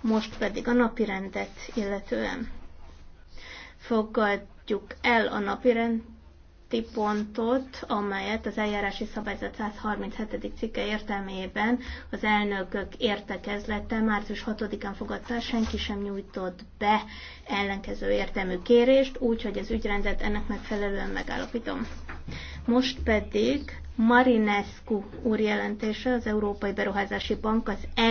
Most pedig a napirendet illetően fogadjuk el a napirendi pontot, amelyet az eljárási szabályzat 137. cikke értelmében az elnökök értekezlete március 6-án fogadta, senki sem nyújtott be ellenkező értelmű kérést, úgyhogy az ügyrendet ennek megfelelően megállapítom. Most pedig Marinescu úr jelentése az Európai Beruházási Bank az